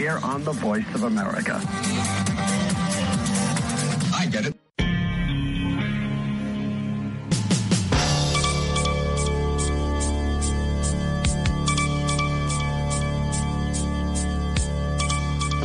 Here on the Voice of America. I get it.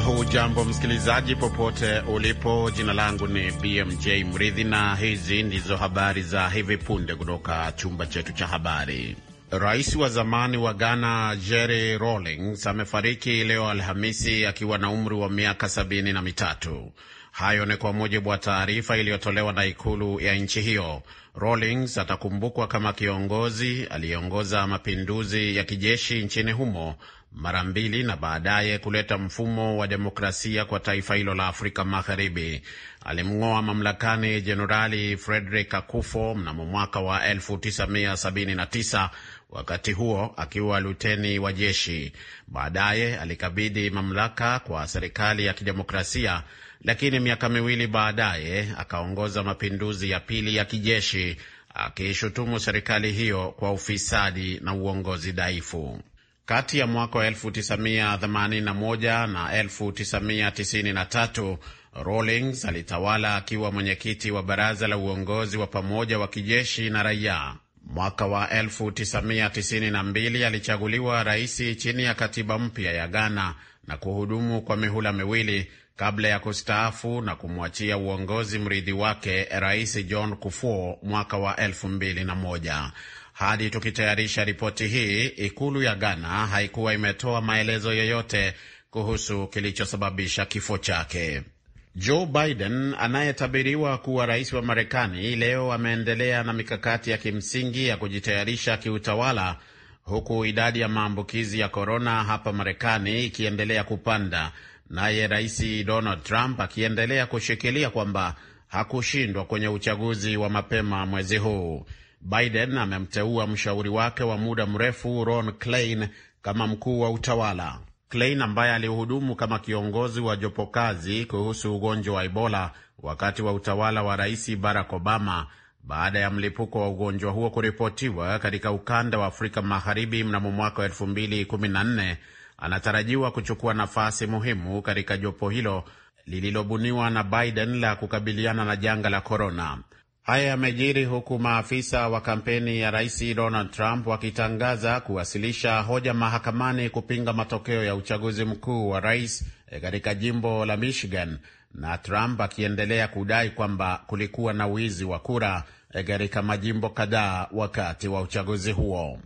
Hujambo msikilizaji, popote ulipo. Jina langu ni BMJ Mridhi na hizi ndizo habari za hivi punde kutoka chumba chetu cha habari. Rais wa zamani wa Ghana Jerry Rawlings amefariki leo Alhamisi akiwa na umri wa miaka sabini na mitatu. Hayo ni kwa mujibu wa taarifa iliyotolewa na ikulu ya nchi hiyo. Rawlings atakumbukwa kama kiongozi aliyeongoza mapinduzi ya kijeshi nchini humo mara mbili na baadaye kuleta mfumo wa demokrasia kwa taifa hilo la Afrika Magharibi. Alimng'oa mamlakani Jenerali Frederick Akufo mnamo mwaka wa 1979 wakati huo akiwa luteni wa jeshi. Baadaye alikabidhi mamlaka kwa serikali ya kidemokrasia, lakini miaka miwili baadaye akaongoza mapinduzi ya pili ya kijeshi, akiishutumu serikali hiyo kwa ufisadi na uongozi dhaifu. Kati ya mwaka wa 1981 na 1993 Rawlings alitawala akiwa mwenyekiti wa baraza la uongozi wa pamoja wa kijeshi na raia. Mwaka wa 1992 alichaguliwa rais chini ya katiba mpya ya Ghana na kuhudumu kwa mihula miwili kabla ya kustaafu na kumwachia uongozi mrithi wake Rais John Kufuor mwaka wa 2001. Hadi tukitayarisha ripoti hii, ikulu ya Ghana haikuwa imetoa maelezo yoyote kuhusu kilichosababisha kifo chake. Joe Biden anayetabiriwa kuwa rais wa Marekani leo ameendelea na mikakati ya kimsingi ya kujitayarisha kiutawala huku idadi ya maambukizi ya korona hapa Marekani ikiendelea kupanda, naye rais Donald Trump akiendelea kushikilia kwamba hakushindwa kwenye uchaguzi wa mapema mwezi huu. Biden amemteua mshauri wake wa muda mrefu Ron Klain kama mkuu wa utawala. Klein ambaye alihudumu kama kiongozi wa jopo kazi kuhusu ugonjwa wa Ebola wakati wa utawala wa Rais Barack Obama baada ya mlipuko wa ugonjwa huo kuripotiwa katika ukanda wa Afrika Magharibi mnamo mwaka wa 2014 anatarajiwa kuchukua nafasi muhimu katika jopo hilo lililobuniwa na Biden la kukabiliana na janga la korona. Haya yamejiri huku maafisa wa kampeni ya rais Donald Trump wakitangaza kuwasilisha hoja mahakamani kupinga matokeo ya uchaguzi mkuu wa rais eh, katika jimbo la Michigan, na Trump akiendelea kudai kwamba kulikuwa na wizi wa kura eh, katika majimbo kadhaa wakati wa uchaguzi huo.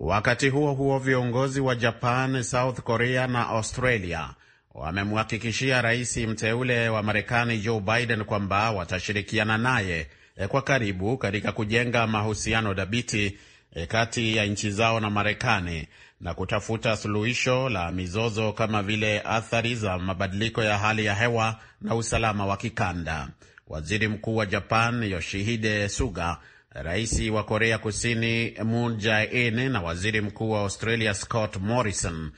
Wakati huo huo, viongozi wa Japan, South Korea na Australia wamemhakikishia rais mteule wa Marekani Joe Biden kwamba watashirikiana naye Eh, kwa karibu katika kujenga mahusiano dhabiti eh, kati ya nchi zao na Marekani na kutafuta suluhisho la mizozo kama vile athari za mabadiliko ya hali ya hewa na usalama wa kikanda. Waziri Mkuu wa Japan Yoshihide Suga, Rais wa Korea Kusini Moon Jae-in na Waziri Mkuu wa Australia Scott Morrison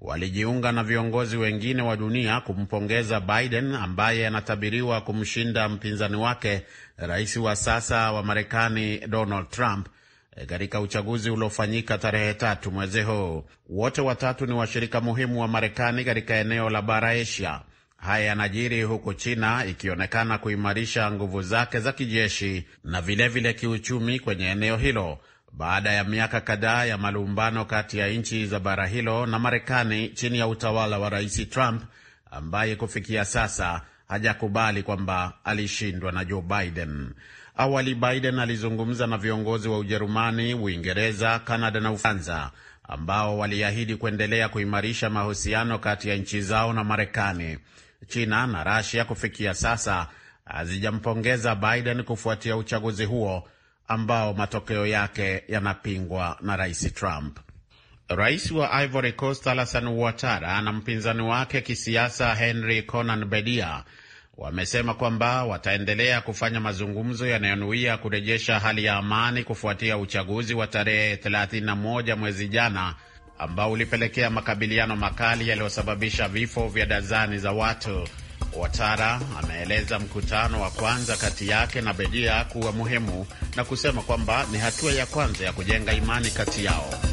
walijiunga na viongozi wengine wa dunia kumpongeza Biden ambaye anatabiriwa kumshinda mpinzani wake rais wa sasa wa Marekani Donald Trump eh, katika uchaguzi uliofanyika tarehe tatu mwezi huu. Wote watatu ni washirika muhimu wa Marekani katika eneo la bara Asia. Haya yanajiri huku China ikionekana kuimarisha nguvu zake za kijeshi na vilevile vile kiuchumi kwenye eneo hilo baada ya miaka kadhaa ya malumbano kati ya nchi za bara hilo na Marekani chini ya utawala wa Rais Trump ambaye kufikia sasa hajakubali kwamba alishindwa na Joe Biden. Awali Biden alizungumza na viongozi wa Ujerumani, Uingereza, Kanada na Ufaransa ambao waliahidi kuendelea kuimarisha mahusiano kati ya nchi zao na Marekani. China na Rasia kufikia sasa hazijampongeza Biden kufuatia uchaguzi huo ambao matokeo yake yanapingwa na Rais Trump. Rais wa Ivory Coast Alassane Ouattara na mpinzani wake kisiasa Henry Konan Bedia wamesema kwamba wataendelea kufanya mazungumzo yanayonuia kurejesha hali ya amani kufuatia uchaguzi wa tarehe 31 mwezi jana ambao ulipelekea makabiliano makali yaliyosababisha vifo vya dazani za watu. Ouattara ameeleza mkutano wa kwanza kati yake na Bedia kuwa muhimu na kusema kwamba ni hatua ya kwanza ya kujenga imani kati yao.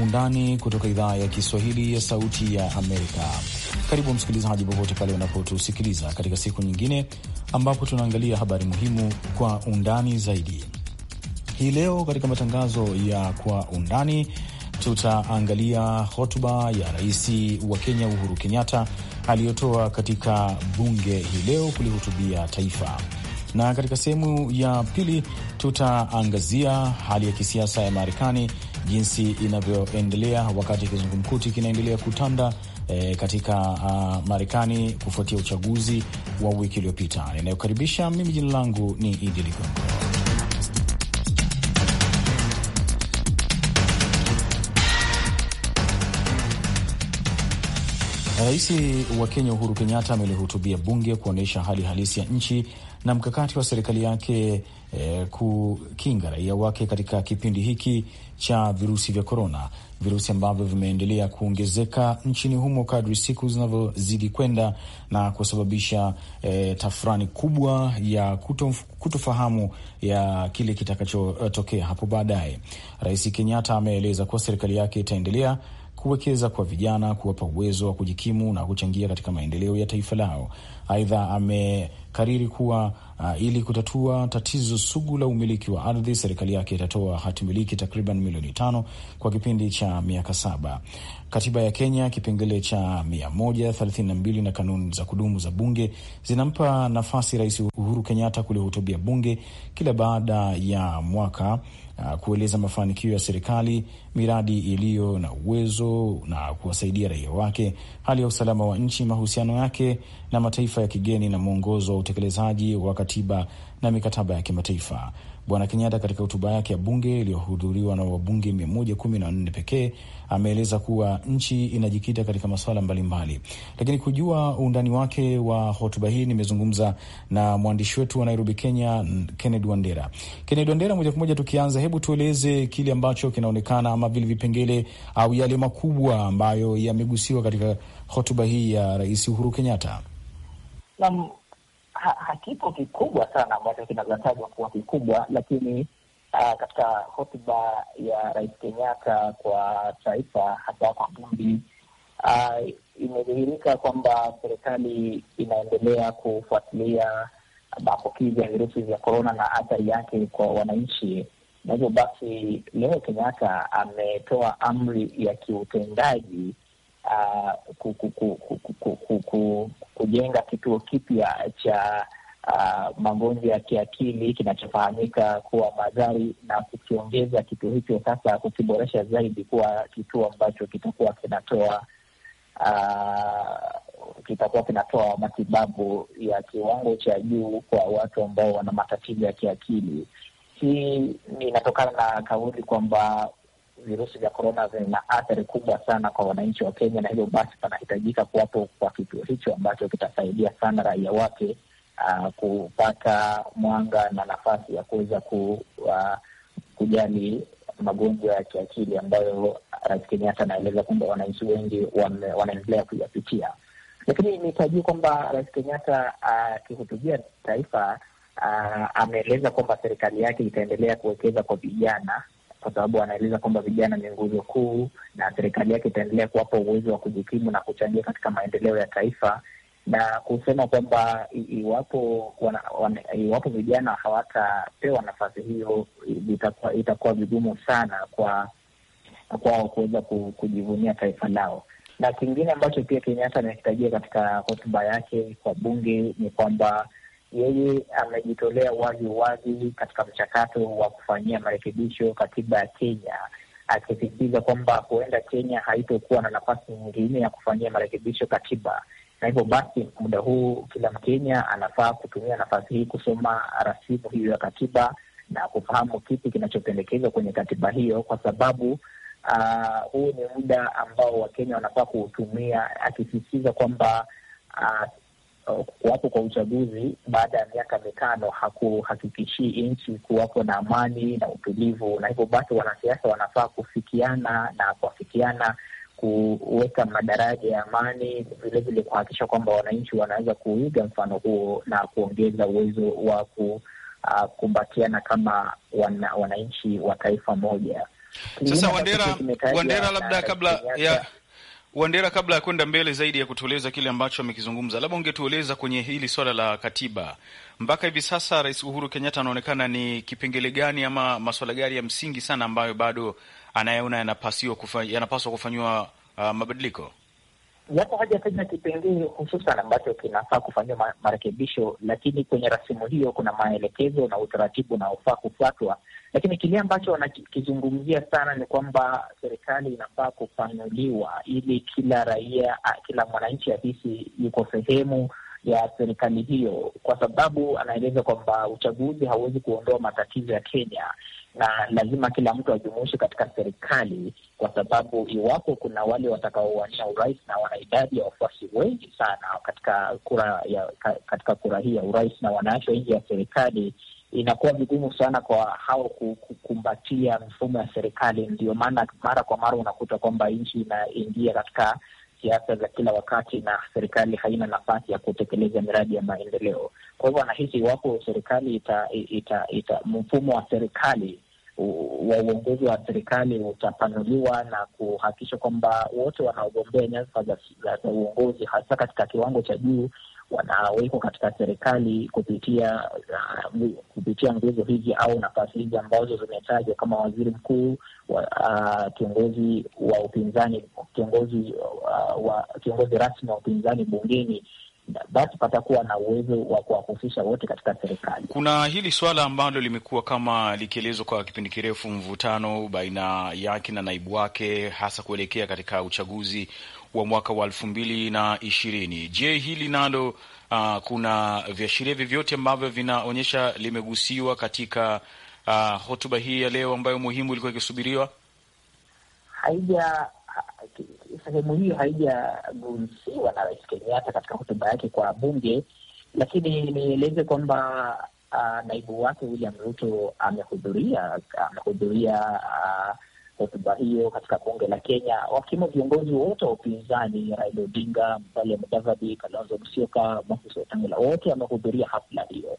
undani kutoka idhaa ya Kiswahili ya Sauti ya Amerika. Karibu msikilizaji, popote pale unapotusikiliza katika siku nyingine ambapo tunaangalia habari muhimu kwa undani zaidi. Hii leo katika matangazo ya kwa undani tutaangalia hotuba ya rais wa Kenya Uhuru Kenyatta aliyotoa katika bunge hii leo kulihutubia taifa, na katika sehemu ya pili tutaangazia hali ya kisiasa ya Marekani jinsi inavyoendelea wakati kizungumkuti kinaendelea kutanda e, katika uh, Marekani kufuatia uchaguzi wa wiki iliyopita. Ninayokaribisha mimi, jina langu ni Idi Ligongo. Rais wa Kenya Uhuru Kenyatta amelihutubia bunge kuonyesha hali halisi ya nchi na mkakati wa serikali yake e, kukinga raia wake katika kipindi hiki cha virusi vya korona, virusi ambavyo vimeendelea kuongezeka nchini humo kadri siku zinavyozidi kwenda na kusababisha e, tafurani kubwa ya kutof, kutofahamu ya kile kitakachotokea hapo baadaye. Rais Kenyatta ameeleza kuwa serikali yake itaendelea kuwekeza kwa vijana, kuwapa uwezo wa kujikimu na kuchangia katika maendeleo ya taifa lao. Aidha ame kariri kuwa uh, ili kutatua tatizo sugu la umiliki wa ardhi, serikali yake itatoa hati miliki takriban milioni tano kwa kipindi cha miaka saba. Katiba ya Kenya kipengele cha mia moja thelathini na mbili na kanuni za kudumu za bunge zinampa nafasi Rais Uhuru Kenyatta kulihutubia bunge kila baada ya mwaka uh, kueleza mafanikio ya serikali, miradi iliyo na uwezo na kuwasaidia raia wake, hali ya usalama wa nchi, mahusiano yake na mataifa ya kigeni na mwongozo wa utekelezaji wa katiba na mikataba ya kimataifa. Bwana Kenyatta katika hotuba yake ya bunge iliyohudhuriwa na wabunge nne pekee ameeleza kuwa nchi inajikita katika masuala mbalimbali, lakini kujua undani wake wa hotuba hii nimezungumza na mwandishi wetu wa Nairobi, Kenya, Kennedy Wandera. Kennedy Wandera, moja kwa moja tukianza, hebu tueleze kile ambacho kinaonekana ama vile vipengele au yale makubwa ambayo yamegusiwa katika hotuba hii ya Rais Uhuru Kenyatta. Naam, ha, hakipo kikubwa sana ambacho kinazatajwa kuwa kikubwa, lakini uh, katika hotuba ya Rais Kenyatta kwa taifa, hasa kwa Bundi, uh, imedhihirika kwamba serikali inaendelea kufuatilia maambukizi ya virusi vya korona na athari yake kwa wananchi, na hivyo basi leo Kenyatta ametoa amri ya kiutendaji Uh, kujenga kituo kipya cha uh, magonjwa ya kiakili kinachofahamika kuwa Madhari, na kukiongeza kituo hicho sasa, kukiboresha zaidi kuwa kituo ambacho kitakuwa kinatoa uh, kitakuwa kinatoa matibabu ya kiwango cha juu kwa watu ambao wana matatizo ya kiakili. Hii inatokana na kauli kwamba virusi vya korona vina athari kubwa sana kwa wananchi wa Kenya, na hivyo basi panahitajika kuwapo kwa kituo hicho ambacho kitasaidia sana raia wake uh, kupata mwanga na nafasi ya kuweza ku, uh, kujali magonjwa ya kiakili ambayo Rais Kenyatta anaeleza kwamba wananchi wengi wanaendelea kuyapitia. Lakini nitajua kwamba Rais Kenyatta ah, akihutubia uh, taifa uh, ameeleza kwamba serikali yake itaendelea kuwekeza kwa vijana kwa sababu anaeleza kwamba vijana ni nguzo kuu na serikali yake itaendelea kuwapa uwezo wa kujikimu na kuchangia katika maendeleo ya taifa, na kusema kwamba iwapo wana, wana, iwapo vijana hawatapewa nafasi hiyo itakuwa itakuwa vigumu sana kwa kwao kuweza kujivunia taifa lao. Na kingine ambacho pia Kenyatta amekitajia katika hotuba yake kwa bunge ni kwamba yeye amejitolea wazi wazi katika mchakato wa kufanyia marekebisho katiba ya Kenya, akisisitiza kwamba huenda Kenya haitokuwa na nafasi nyingine ya kufanyia marekebisho katiba, na hivyo basi muda huu kila Mkenya anafaa kutumia nafasi hii kusoma rasimu hiyo ya katiba na kufahamu kipi kinachopendekezwa kwenye katiba hiyo, kwa sababu uh, huu ni muda ambao Wakenya wanafaa kuutumia, akisisitiza kwamba uh, kuwapo uh, kwa uchaguzi baada ya miaka mitano hakuhakikishii nchi kuwapo na amani na utulivu, na hivyo basi wanasiasa wanafaa kufikiana na kuafikiana kuweka madaraja ya amani, vilevile kuhakikisha kwamba wananchi wanaweza kuiga mfano huo na kuongeza uwezo wa kukumbatiana uh, kama wananchi wa taifa moja. Sasa Wandera, Wandera, labda kabla ya Wandera, kabla ya kwenda mbele zaidi ya kutueleza kile ambacho amekizungumza, labda ungetueleza kwenye hili swala la katiba, mpaka hivi sasa Rais Uhuru Kenyatta anaonekana ni kipengele gani ama maswala gani ya msingi sana ambayo bado anayeona yanapaswa kufanyiwa uh, mabadiliko? haja hajataja kipengele hususan ambacho kinafaa kufanyiwa marekebisho, lakini kwenye rasimu hiyo kuna maelekezo na utaratibu unaofaa kufuatwa lakini kile ambacho wanakizungumzia sana ni kwamba serikali inafaa kufanuliwa ili kila raia, kila mwananchi ahisi yuko sehemu ya serikali hiyo, kwa sababu anaeleza kwamba uchaguzi hauwezi kuondoa matatizo ya Kenya na lazima kila mtu ajumuishi katika serikali, kwa sababu iwapo kuna wale watakaowania urais na wana idadi ya wafuasi wengi sana katika kura ya katika kura hii ya urais na wanaachwa nje ya serikali inakuwa vigumu sana kwa hao kukumbatia mifumo ya serikali. Ndio maana mara kwa mara unakuta kwamba nchi inaingia katika siasa za kila wakati na serikali haina nafasi ya kutekeleza miradi ya maendeleo. Kwa hivyo wanahisi iwapo serikali ita, ita, ita mfumo wa serikali wa uongozi wa serikali utapanuliwa na kuhakikisha kwamba wote wanaogombea nyadhifa za uongozi hasa katika kiwango cha juu wanawekwa katika serikali kupitia uh, kupitia nguzo hizi au nafasi hizi ambazo zimetajwa kama waziri mkuu wa, uh, kiongozi wa upinzani kiongozi uh, wa kiongozi rasmi wa upinzani bungeni basi patakuwa na uwezo wa kuwahusisha wote katika serikali. Kuna hili swala ambalo limekuwa kama likielezwa kwa kipindi kirefu, mvutano baina yake na naibu wake, hasa kuelekea katika uchaguzi wa mwaka wa elfu mbili na ishirini. Je, hili nalo uh, kuna viashiria vyovyote ambavyo vinaonyesha limegusiwa katika uh, hotuba hii ya leo ambayo muhimu ilikuwa ikisubiriwa? Haija ah, sehemu hiyo haijagusiwa na Rais Kenyatta katika hotuba yake kwa bunge, lakini nieleze kwamba uh, naibu wake William Ruto amehudhuria amehudhuria uh, hotuba hiyo katika bunge la Kenya, wakiwemo viongozi wote wa upinzani, Raila Odinga, Musalia Mudavadi, Kalonzo Musyoka, Moses Wetangula, wote wamehudhuria hafla hiyo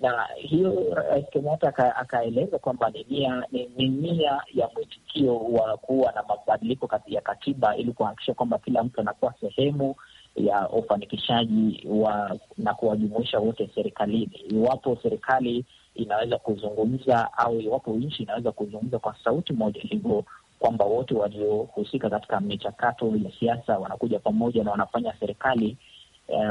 na hiyo Rais Kenyatta akaeleza kwamba ni nia ni nia ya mwitikio wa kuwa na mabadiliko ya katiba ili kuhakikisha kwamba kila mtu anakuwa sehemu ya ufanikishaji wa na kuwajumuisha wote serikalini. Iwapo serikali inaweza kuzungumza au iwapo nchi inaweza kuzungumza kwa sauti moja, hivyo kwamba wote waliohusika katika michakato ya siasa wanakuja pamoja na wanafanya serikali uh, eh,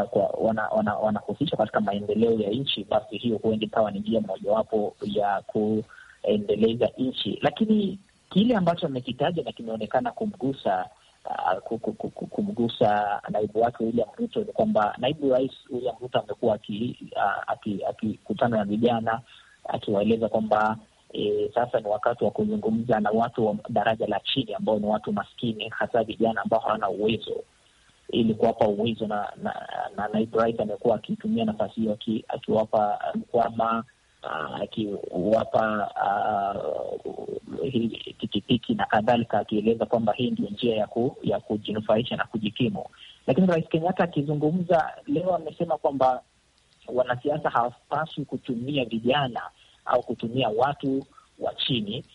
wanahusishwa wana, wana katika maendeleo ya nchi, basi hiyo huenda ikawa ni njia mojawapo ya kuendeleza nchi. Lakini kile ambacho amekitaja na kimeonekana kumgusa Uh, kumgusa naibu wake William Ruto ni kwamba naibu rais William Ruto amekuwa akikutana uh, na vijana akiwaeleza kwamba E, sasa ni wakati wa kuzungumza na watu wa daraja la chini ambao ni watu maskini, hasa vijana ambao hawana uwezo, ili kuwapa uwezo, na naibu rais amekuwa akitumia nafasi hiyo akiwapa uh, mkwama Ah, akiwapa ah, pikipiki na kadhalika, akieleza kwamba hii ndio njia ya, ku, ya kujinufaisha na kujikimu. Lakini Rais Kenyatta akizungumza leo amesema kwamba wanasiasa hawapaswi kutumia vijana au kutumia watu wa chini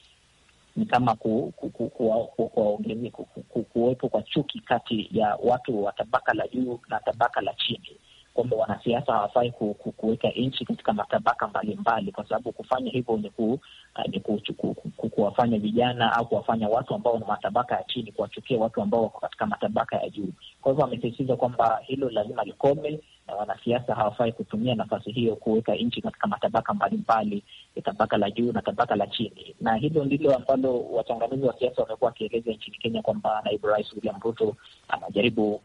ni kama kuwepo ku, ku, ku, ku, ku, ku, ku, kwa chuki kati ya watu wa tabaka la juu na tabaka la chini kwamba wanasiasa hawafai kuweka nchi katika matabaka mbalimbali, kwa sababu kufanya hivyo ni ku, ah, ku, kuwafanya vijana au kuwafanya watu ambao na matabaka ya chini kuwachukia watu ambao wako katika matabaka ya juu. Kwa hivyo amesisitiza kwamba hilo lazima likome na wanasiasa hawafai kutumia nafasi hiyo kuweka nchi katika matabaka mbalimbali, tabaka la juu na tabaka la chini. Na hilo ndilo ambalo wachanganuzi wa siasa wamekuwa wakieleza nchini Kenya kwamba naibu rais William Ruto anajaribu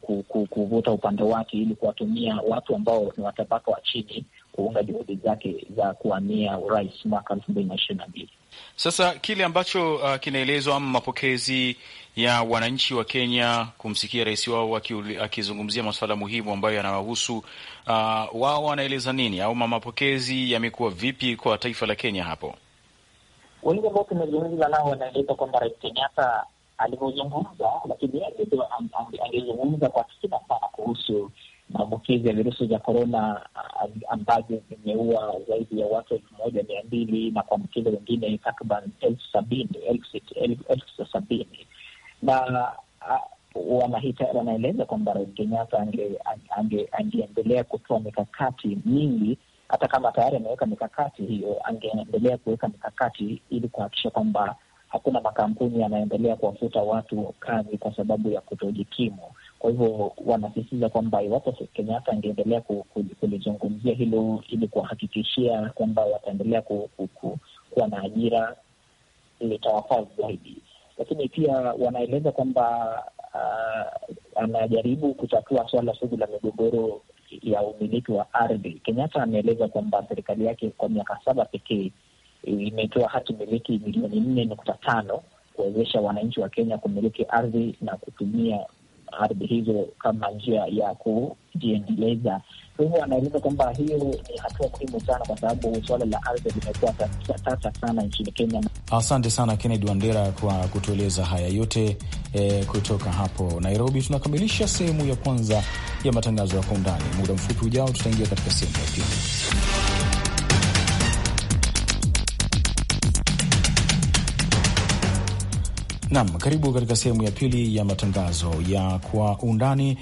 kuvuta upande wake ili kuwatumia watu ambao ni watabaka wa chini kuunga juhudi zake za kuwania urais mwaka elfu mbili na ishirini na mbili. Sasa kile ambacho uh, kinaelezwa ama mapokezi ya wananchi wa Kenya kumsikia rais wao akizungumzia masuala muhimu ambayo yanawahusu. Uh, wao wanaeleza nini au mapokezi yamekuwa vipi kwa taifa la Kenya hapo? Wengi ambao tumezungumza nao wanaeleza kwamba rais Kenyatta alivyozungumza, lakini angezungumza kwa kina sana kuhusu maambukizi ya virusi vya korona uh, ambavyo vimeua zaidi ya watu elfu moja mia mbili na kuambukiza wengine takriban elfu sabini elfu sabini na ah, wanahita, wanaeleza kwamba Rais Kenyatta angeendelea ange, ange kutoa mikakati mingi, hata kama tayari ameweka mikakati hiyo, angeendelea kuweka mikakati ili kuhakikisha kwamba hakuna makampuni yanaendelea kuwafuta watu kazi kwa sababu ya kutojikimu. Kwa hivyo wanasisitiza kwamba iwapo Kenyatta angeendelea kulizungumzia hilo ili kuwahakikishia kwamba wataendelea kuwa na ajira litawafaa zaidi lakini pia wanaeleza kwamba uh, anajaribu kutatua swala sugu la migogoro ya umiliki wa ardhi. Kenyatta ameeleza kwamba serikali yake kwa miaka saba pekee imetoa hati miliki milioni nne nukta tano kuwezesha wananchi wa Kenya kumiliki ardhi na kutumia ardhi hizo kama njia ya kujiendeleza. Kwa hivyo anaeleza kwamba hiyo ni hatua muhimu sana, kwa sababu suala la ardhi limekuwa tata sana nchini Kenya. Asante sana Kennedy Wandera kwa kutueleza haya yote. E, kutoka hapo Nairobi tunakamilisha sehemu ya kwanza ya matangazo ya kwa undani. Muda mfupi ujao, tutaingia katika sehemu ya pili. Nam, karibu katika sehemu ya pili ya matangazo ya kwa undani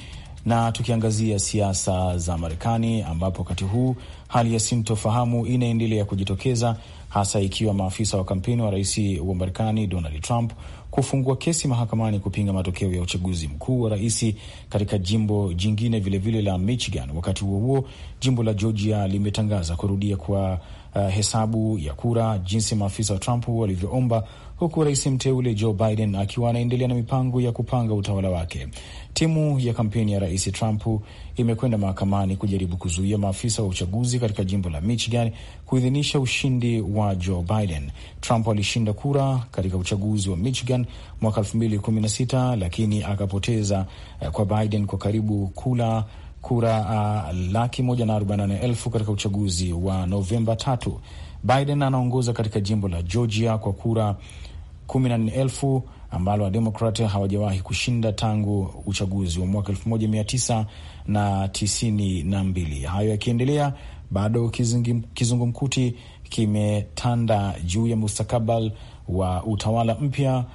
na tukiangazia siasa za Marekani ambapo wakati huu hali ya sintofahamu inaendelea kujitokeza hasa ikiwa maafisa wa kampeni wa rais wa Marekani Donald Trump kufungua kesi mahakamani kupinga matokeo ya uchaguzi mkuu wa rais katika jimbo jingine vilevile vile la Michigan. Wakati huo huo, jimbo la Georgia limetangaza kurudia kwa uh, hesabu ya kura jinsi maafisa wa Trump walivyoomba, huku rais mteule Joe Biden akiwa anaendelea na mipango ya kupanga utawala wake. Timu ya kampeni ya rais Trump imekwenda mahakamani kujaribu kuzuia maafisa wa uchaguzi katika jimbo la Michigan kuidhinisha ushindi wa Joe Biden. Trump alishinda kura katika uchaguzi wa Michigan mwaka 2016 lakini akapoteza uh, kwa Biden kwa karibu kula kura uh, laki moja na arobaini na nane elfu katika uchaguzi wa Novemba tatu. Biden anaongoza katika jimbo la Georgia kwa kura kumi na nne elfu ambalo Wademokrat hawajawahi kushinda tangu uchaguzi wa mwaka elfu moja mia tisa na tisini na mbili. Hayo yakiendelea bado kizungumkuti kimetanda juu ya mustakabali wa utawala mpya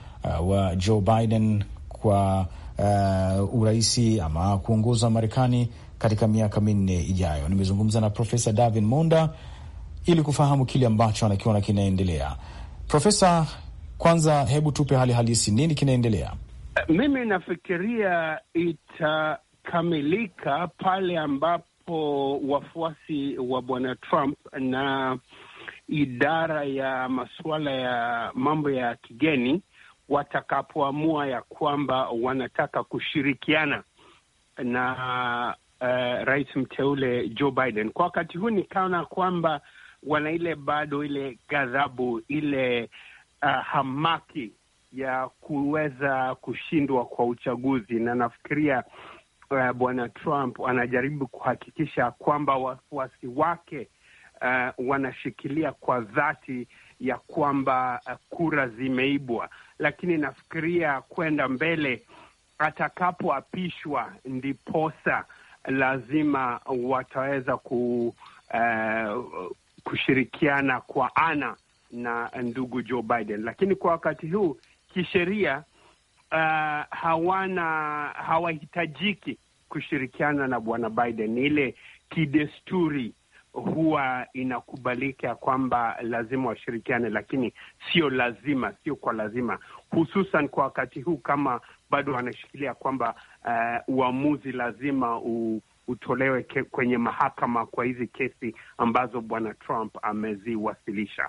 uh, wa Joe Biden kwa uh, uraisi ama kuongoza Marekani katika miaka minne ijayo. Nimezungumza na Profesa Davin Monda ili kufahamu kile ambacho anakiona kinaendelea. Profesa, kwanza hebu tupe hali halisi, nini kinaendelea? Mimi nafikiria itakamilika pale ambapo wafuasi wa bwana Trump na idara ya masuala ya mambo ya kigeni watakapoamua ya kwamba wanataka kushirikiana na uh, rais mteule Joe Biden. Kwa wakati huu nikaona kwamba wana ile bado ile ghadhabu ile uh, hamaki ya kuweza kushindwa kwa uchaguzi, na nafikiria uh, bwana Trump anajaribu kuhakikisha kwamba wafuasi wake uh, wanashikilia kwa dhati ya kwamba uh, kura zimeibwa lakini nafikiria kwenda mbele, atakapoapishwa ndiposa lazima wataweza ku, uh, kushirikiana kwa ana na ndugu Joe Biden, lakini kwa wakati huu kisheria Uh, hawana hawahitajiki kushirikiana na bwana Biden. Ni ile kidesturi huwa inakubalika kwamba lazima washirikiane, lakini sio lazima, sio kwa lazima, hususan kwa wakati huu, kama bado wanashikilia kwamba uh, uamuzi lazima u, utolewe ke, kwenye mahakama kwa hizi kesi ambazo bwana Trump ameziwasilisha.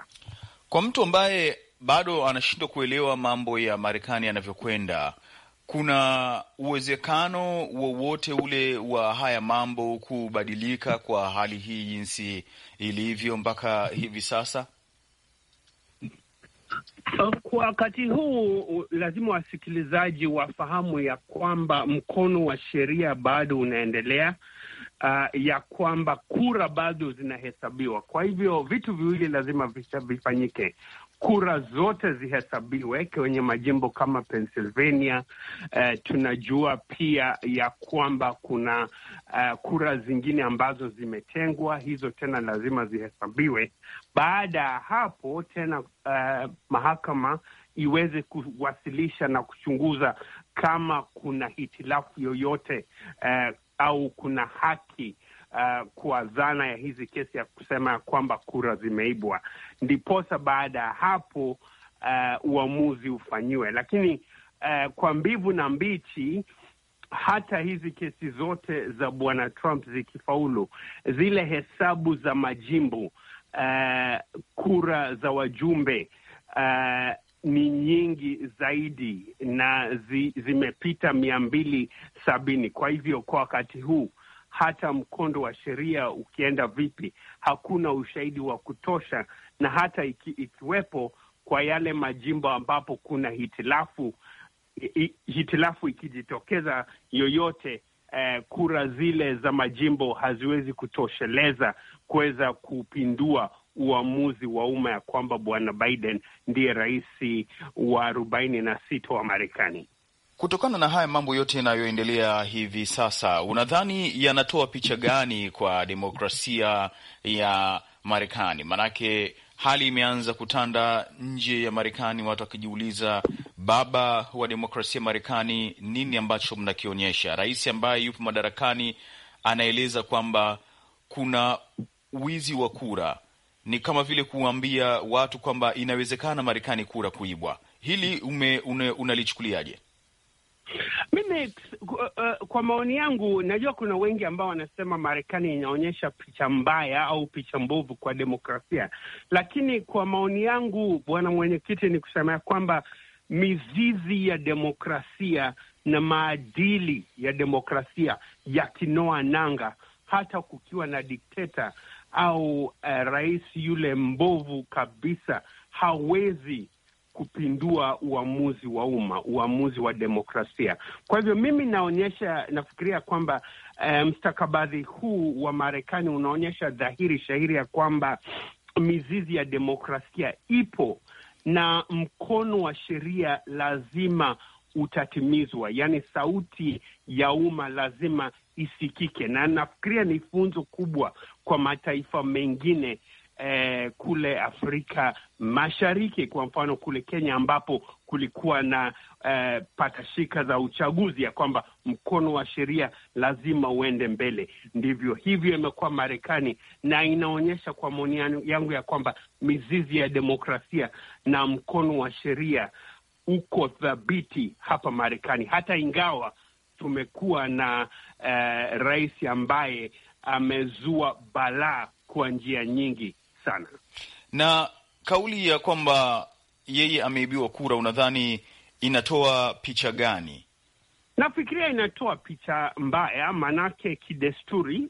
Kwa mtu ambaye bado anashindwa kuelewa mambo ya Marekani yanavyokwenda kuna uwezekano wowote ule wa haya mambo kubadilika kwa hali hii jinsi ilivyo mpaka hivi sasa? Kwa wakati huu lazima wasikilizaji wafahamu ya kwamba mkono wa sheria bado unaendelea, uh, ya kwamba kura bado zinahesabiwa. Kwa hivyo vitu viwili lazima vifanyike kura zote zihesabiwe kwenye majimbo kama Pennsylvania. Eh, tunajua pia ya kwamba kuna eh, kura zingine ambazo zimetengwa, hizo tena lazima zihesabiwe. Baada ya hapo tena eh, mahakama iweze kuwasilisha na kuchunguza kama kuna hitilafu yoyote eh, au kuna haki uh, kwa dhana ya hizi kesi ya kusema kwamba kura zimeibwa, ndiposa baada ya hapo uh, uamuzi ufanyiwe. Lakini uh, kwa mbivu na mbichi hata hizi kesi zote za bwana Trump zikifaulu, zile hesabu za majimbo uh, kura za wajumbe uh, ni nyingi zaidi na zi, zimepita mia mbili sabini. Kwa hivyo kwa wakati huu hata mkondo wa sheria ukienda vipi, hakuna ushahidi wa kutosha, na hata iki, ikiwepo kwa yale majimbo ambapo kuna hitilafu hitilafu ikijitokeza yoyote eh, kura zile za majimbo haziwezi kutosheleza kuweza kupindua uamuzi wa umma ya kwamba Bwana Biden ndiye rais wa arobaini na sita wa Marekani. Kutokana na haya mambo yote yanayoendelea hivi sasa, unadhani yanatoa picha gani kwa demokrasia ya Marekani? Maanake hali imeanza kutanda nje ya Marekani, watu wakijiuliza, baba wa demokrasia Marekani, nini ambacho mnakionyesha? Rais ambaye yupo madarakani anaeleza kwamba kuna wizi wa kura, ni kama vile kuwaambia watu kwamba inawezekana Marekani kura kuibwa. Hili unalichukuliaje? Remix uh, eh, eh, kwa maoni yangu, najua kuna wengi ambao wanasema Marekani inaonyesha picha mbaya au picha mbovu kwa demokrasia, lakini kwa maoni yangu, bwana mwenyekiti, ni kusema ya kwamba mizizi ya demokrasia na maadili ya demokrasia yakinoa nanga, hata kukiwa na dikteta au uh, rais yule mbovu kabisa hawezi kupindua uamuzi wa umma, uamuzi wa demokrasia. Kwa hivyo mimi naonyesha, nafikiria kwamba eh, mstakabadhi um, huu wa Marekani unaonyesha dhahiri shahiri ya kwamba mizizi ya demokrasia ipo na mkono wa sheria lazima utatimizwa, yaani sauti ya umma lazima isikike, na nafikiria ni funzo kubwa kwa mataifa mengine eh, kule Afrika Mashariki, kwa mfano kule Kenya ambapo kulikuwa na eh, patashika za uchaguzi ya kwamba mkono wa sheria lazima uende mbele. Ndivyo hivyo imekuwa Marekani, na inaonyesha kwa maoni yangu ya kwamba mizizi ya demokrasia na mkono wa sheria uko thabiti hapa Marekani, hata ingawa tumekuwa na eh, rais ambaye amezua balaa kwa njia nyingi sana. Na kauli ya kwamba yeye ameibiwa kura, unadhani inatoa picha gani? Nafikiria inatoa picha mbaya, manake kidesturi,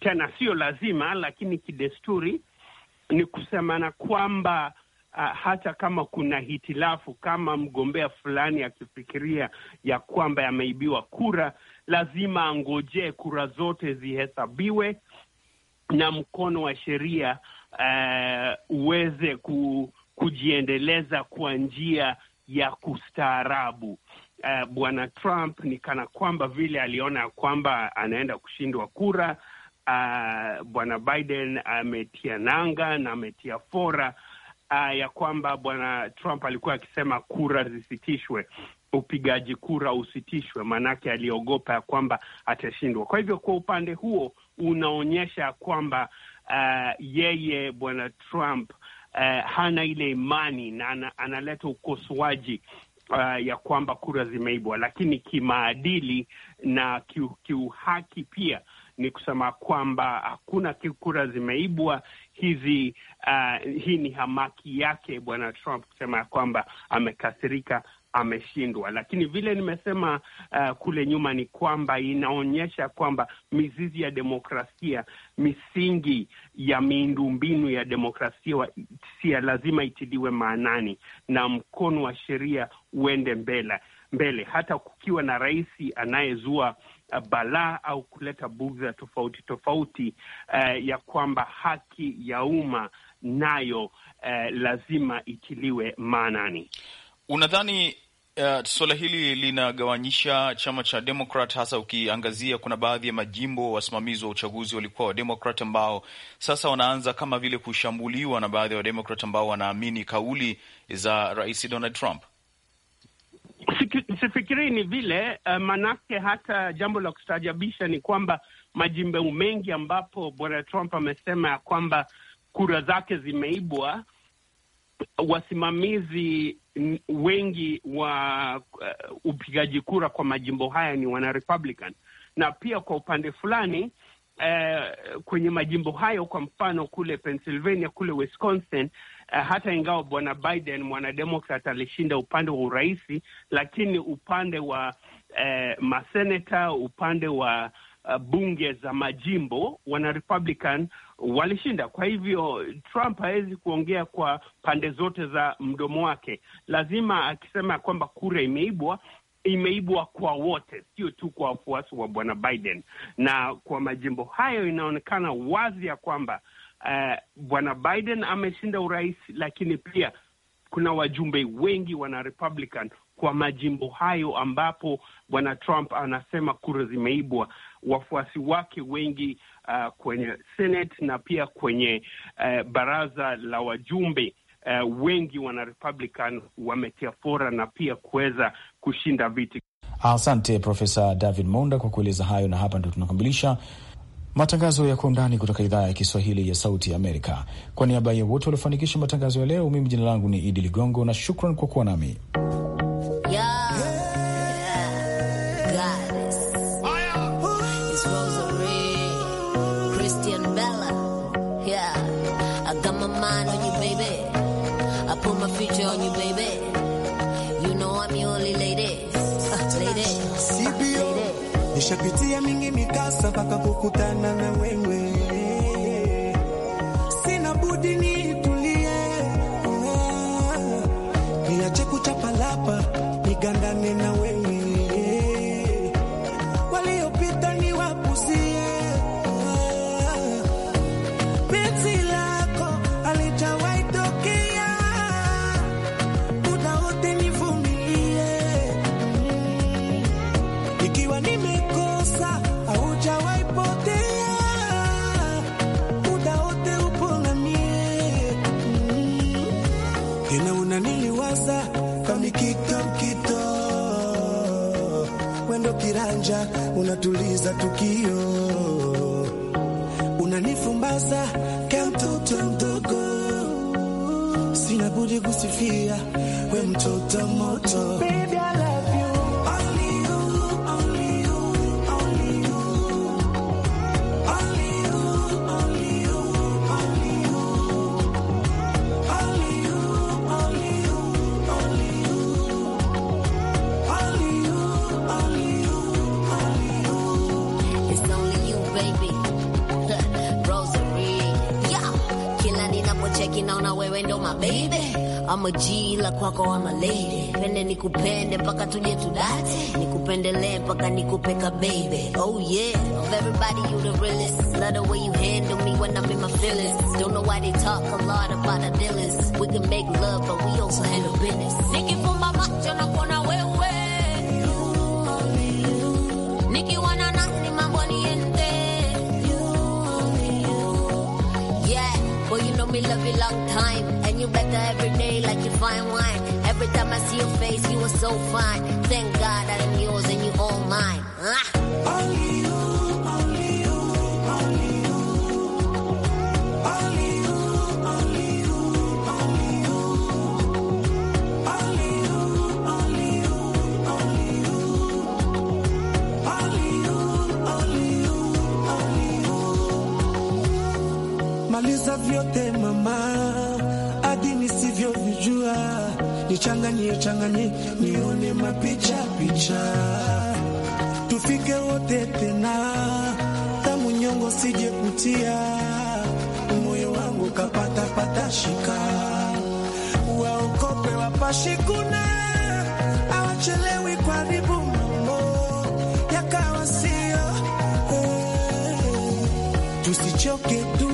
tena sio lazima, lakini kidesturi ni kusemana kwamba uh, hata kama kuna hitilafu, kama mgombea fulani akifikiria ya, ya kwamba yameibiwa kura, lazima angojee kura zote zihesabiwe na mkono wa sheria uh, uweze ku, kujiendeleza kwa njia ya kustaarabu. Uh, Bwana Trump ni kana kwamba vile aliona ya kwamba anaenda kushindwa kura. Uh, Bwana Biden ametia nanga na ametia fora uh, ya kwamba Bwana Trump alikuwa akisema kura zisitishwe, upigaji kura usitishwe, maanake aliogopa ya kwamba atashindwa. Kwa hivyo kwa upande huo unaonyesha kwamba uh, yeye bwana Trump uh, hana ile imani na analeta ukosoaji uh, ya kwamba kura zimeibwa, lakini kimaadili na kiuhaki pia ni kusema kwamba hakuna kura zimeibwa hizi. Uh, hii ni hamaki yake bwana Trump kusema ya kwamba amekasirika ameshindwa. Lakini vile nimesema uh, kule nyuma ni kwamba inaonyesha kwamba mizizi ya demokrasia, misingi ya miundombinu ya demokrasia sia lazima itiliwe maanani na mkono wa sheria uende mbele mbele, hata kukiwa na rais anayezua uh, balaa au kuleta bugza tofauti tofauti, uh, ya kwamba haki ya umma nayo uh, lazima itiliwe maanani. Unadhani uh, suala hili linagawanyisha chama cha Demokrat, hasa ukiangazia kuna baadhi ya majimbo wasimamizi wa uchaguzi walikuwa Wademokrat ambao sasa wanaanza kama vile kushambuliwa na baadhi ya Wademokrat ambao wanaamini kauli za Rais Donald Trump? Sifikiri ni vile uh, manake hata jambo la kustaajabisha ni kwamba majimbo mengi ambapo bwana Trump amesema ya kwamba kura zake zimeibwa, wasimamizi wengi wa uh, upigaji kura kwa majimbo haya ni wana Republican, na pia kwa upande fulani uh, kwenye majimbo hayo, kwa mfano kule Pennsylvania, kule Wisconsin uh, hata ingawa bwana Biden mwanademokrat alishinda upande wa urahisi lakini upande wa uh, maseneta, upande wa Uh, bunge za majimbo wana Republican walishinda. Kwa hivyo Trump hawezi kuongea kwa pande zote za mdomo wake, lazima akisema kwamba kura imeibwa imeibwa kwa wote, sio tu kwa wafuasi wa bwana Biden. Na kwa majimbo hayo inaonekana wazi ya kwamba uh, bwana Biden ameshinda urais, lakini pia kuna wajumbe wengi wana Republican kwa majimbo hayo ambapo bwana Trump anasema kura zimeibwa. Wafuasi wake wengi uh, kwenye Senate na pia kwenye uh, baraza la wajumbe uh, wengi wana Republican wametia fora na pia kuweza kushinda viti. Asante Profesa David Monda kwa kueleza hayo, na hapa ndio tunakamilisha Matangazo ya Kwa Undani kutoka idhaa ya Kiswahili ya Sauti ya Amerika. Kwa niaba ya wote waliofanikisha matangazo ya leo, mimi jina langu ni Idi Ligongo na shukran kwa kuwa nami yeah. Yeah mpaka kukutana na wewe, sina budi nitulie, niache kuchapalapa nigandane na unatuliza tukio, unanifumbaza kama mtoto mdogo, sina budi kusifia we mtoto moto Baby, G ila kwako ama lady, pende nikupende mpaka tuje tudate, nikupendelee mpaka nikupeka baby. Oh yeah, of everybody you the realest, love the way you handle me when I'm in my feelings. Don't know why they talk a lot about the dealers. We can make love but we also handle business. Nikifumba macho na kuona wewe, nikiwana nani mambo niende. Yeah, boy, you know me love you long time you better every day like you fine wine. Every time I see your face, you are so fine. Thank God I'm yours and you all mine. Ah. Only you, only you, only you. Only you, only you, only you. Only you, only you, only you. Only you, only you, only you. Maliza vyote mama. nichanganye, nione mapicha picha, tufike wote tena, tamu nyongo sije kutia, moyo wangu kapata pata shika, waokope wapashikuna, awachelewi kwa ribu mambo yakawa sio, hey, eh, tusichoke tu